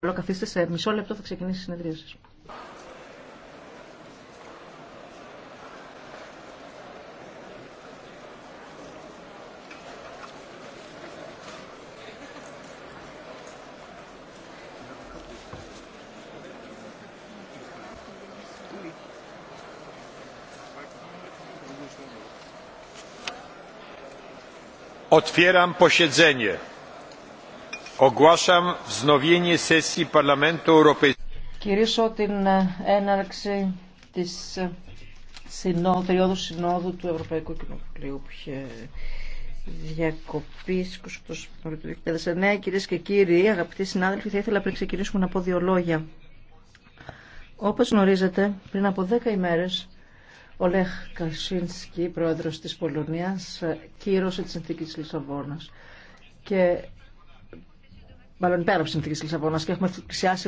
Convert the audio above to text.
Καλό καθίστε σε μισό λεπτό θα ξεκινήσει η συνεδρία σας. Otwieram posiedzenie. Κυρίσω την ε, έναρξη της ε, συνόδου, περίοδου συνόδου του Ευρωπαϊκού Κοινοβουλίου που είχε διακοπή 28 του 2009. Κυρίες και κύριοι, αγαπητοί συνάδελφοι, θα ήθελα πριν ξεκινήσουμε να πω δύο λόγια. Όπως γνωρίζετε, πριν από δέκα ημέρες, ο Λέχ Κασίνσκι, πρόεδρος της Πολωνίας, ε, κύρωσε τη συνθήκη της Λισαβόνας. Και μάλλον πέρα από τι συνθήκε Λισαβόνα και έχουμε θυσιάσει